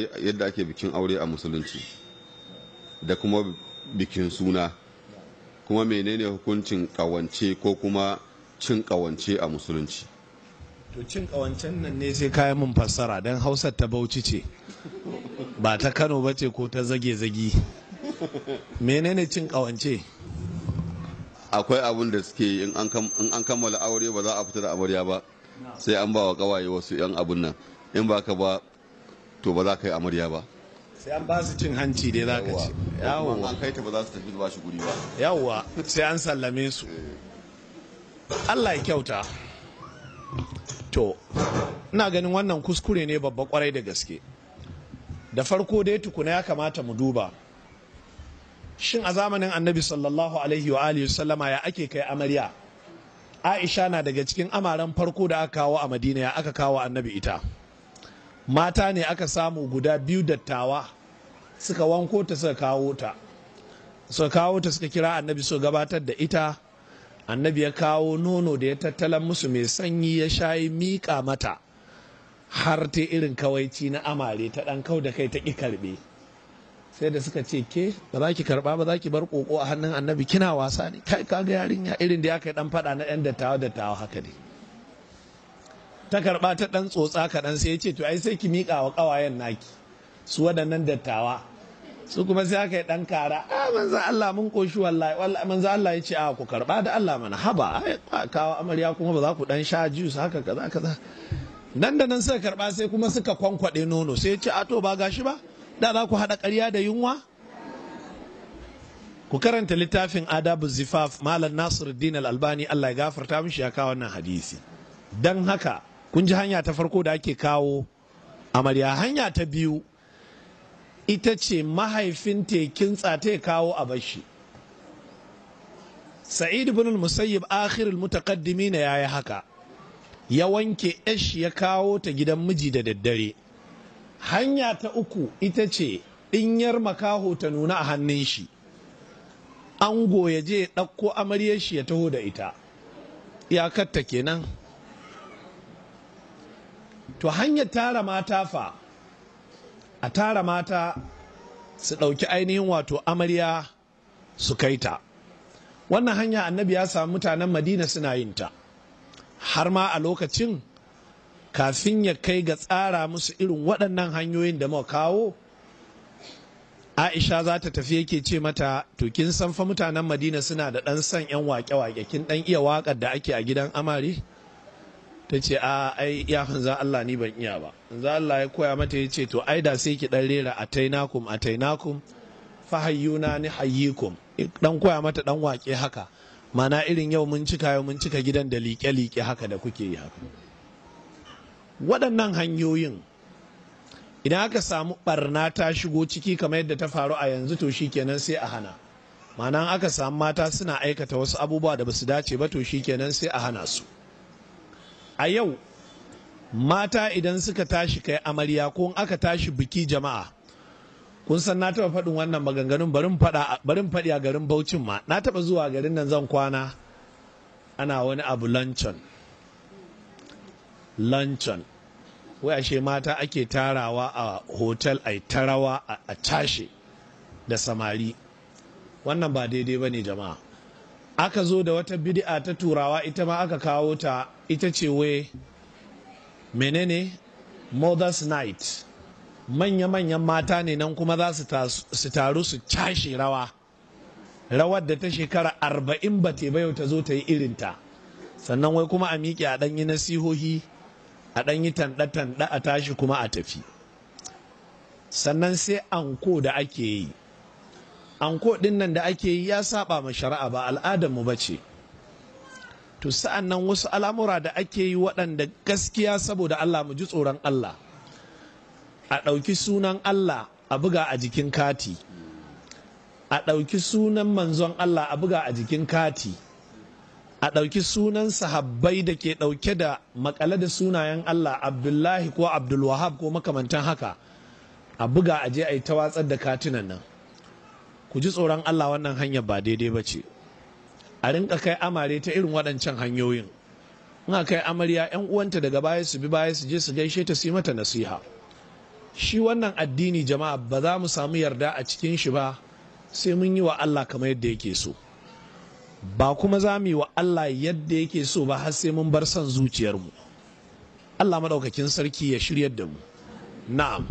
yadda ake bikin aure a musulunci da kuma bikin suna kuma menene hukuncin kawance ko kuma cin kawance a musulunci to cin kawancen nan ne sai kayan mun fassara don hausar ta bauchi ce ba ta kano ba ce ko ta zage-zagi menene cin kawance akwai abun da suke in an kammala aure ba za a fita da amarya ba sai an ba wa kawaye wasu 'yan abun nan in ba ka ba to ba za ka yi amarya ba sai an ba su cin hanci dai za ka ci yawwa an kai ta ba za su tafi ba shi guri ba yawwa sai an sallame su Allah ya kyauta to ina ganin wannan kuskure ne babba kwarai da gaske da farko dai tukuna ya kamata mu duba shin a zamanin annabi sallallahu alaihi wa alihi sallama ya ake kai amarya aisha na daga cikin amaren farko da aka kawo a madina ya aka kawo annabi ita mata ne aka samu guda biyu dattawa suka wanko ta suka kawo ta suka kawo ta suka kira annabi su gabatar da ita annabi ya kawo nono da ya tattalan musu mai sanyi ya shayi miƙa mata har ta irin kawaici na amare ta ɗan kau da kai ta ƙi karɓe sai da suka ce ke ba za ki karɓa ba za ki bar ƙoƙo a hannun annabi kina wasa ne kai kaga yarinya irin da ya kai ɗan faɗa na 'yan dattawa dattawa haka ne ta karba ta dan tsotsa kaɗan sai ya ce to ai sai ki miƙa wa ƙawayen naki su waɗannan dattawa su kuma sai aka yi ɗan kara a manzo Allah mun koshi wallahi wallahi manzo Allah ya ce a ku karba da Allah mana haba kawo amarya kuma ba za ku dan sha juice haka kaza kaza nan da nan suka karba sai kuma suka kwankwaɗe nono sai ya ce a to ba gashi ba da za ku haɗa ƙarya da yunwa ku karanta littafin adabu zifaf malam nasiruddin al-albani Allah ya gafarta mishi ya kawo wannan hadisi dan haka kun ji hanya ta farko da ake kawo amarya hanya ta biyu ita ce mahaifin tekin ya kawo a bashi sa'id ibn musayyib akhirul mutaqaddimi na yayi haka ya wanke ash ya kawo ta gidan miji da daddare hanya ta uku ita ce ɗinyar makaho ta nuna a hannun shi ango ya je ɗauko amaryar shi ya taho da ita Iyakar ta kenan to hanyar tara mata fa a tara mata su ɗauki ainihin wato amarya su kai ta wannan hanya annabi ya samu mutanen madina suna yin ta har ma a lokacin kafin ya kai ga tsara musu irin waɗannan hanyoyin da muka kawo aisha za ta tafi yake ce mata to kin san fa mutanen madina suna da ɗan son 'yan wake-wake kin ɗan iya wakar da ake a gidan amari ta ce a ai ya hanzan Allah ni ban iya ba hanzan Allah ya koya mata ya ce to ai da sai ki dan rera a tainakum tainakum fa fahayyuna ni hayyikum dan koya mata dan wake haka mana irin yau mun cika yau mun cika gidan da liƙe-liƙe haka da kuke yi haka waɗannan hanyoyin idan aka samu barna ta shigo ciki kamar yadda ta faru a yanzu to shikenan sai a hana ma'ana aka samu mata suna aikata wasu abubuwa da ba su dace ba to kenan sai a hana su a yau mata idan suka tashi kai amarya ko in aka tashi biki jama'a kun san na taɓa faɗin wannan maganganun barin faɗi a garin Bauchin ma na taɓa zuwa garin nan zan kwana ana wani abu luncheon luncheon wai ashe mata ake tarawa a hotel a tarawa a tashi da samari wannan ba daidai ba ne jama'a aka zo da wata bidi'a ta turawa ita ma aka kawo ta ita ce we menene mother's night manya-manyan mata ne nan kuma za su taru su cashe rawa rawar da ta shekara arba'in ba ta yau ta zo ta yi irinta sannan wai kuma a miƙe a ɗanyi nasihohi a ɗanyi tanɗa-tanɗa a tashi kuma a tafi sannan sai anko da ake yi anko din nan da ake yi ya saba ma shari'a ba al'adar mu bace to sa'an nan wasu al'amura da ake yi waɗanda gaskiya saboda Allah mu ji tsoron Allah a ɗauki sunan Allah a buga a jikin kati a ɗauki sunan manzon Allah a buga a jikin kati a ɗauki sunan sahabbai da ke ɗauke da makale da sunayen Allah Abdullahi ko Abdulwahab ko makamantan haka a buga a je a yi tawatsar da katinan nan ku ji tsoron Allah wannan hanyar ba daidai ba ce a rinka kai amare ta irin waɗancan hanyoyin na kai amarya yan uwanta daga baya su bi baya su je su gaishe ta su mata nasiha shi wannan addini jama'a ba za mu samu yarda a cikin shi ba sai mun yi wa Allah kamar yadda yake so ba kuma za mu yi wa Allah yadda yake so ba har sai mun bar son zuciyarmu Allah maɗaukakin sarki ya shiryar da mu na'am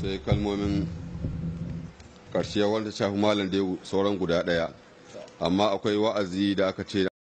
sai kalmomin karshe wanda shafi malam dai sauran guda daya amma akwai wa'azi da aka ce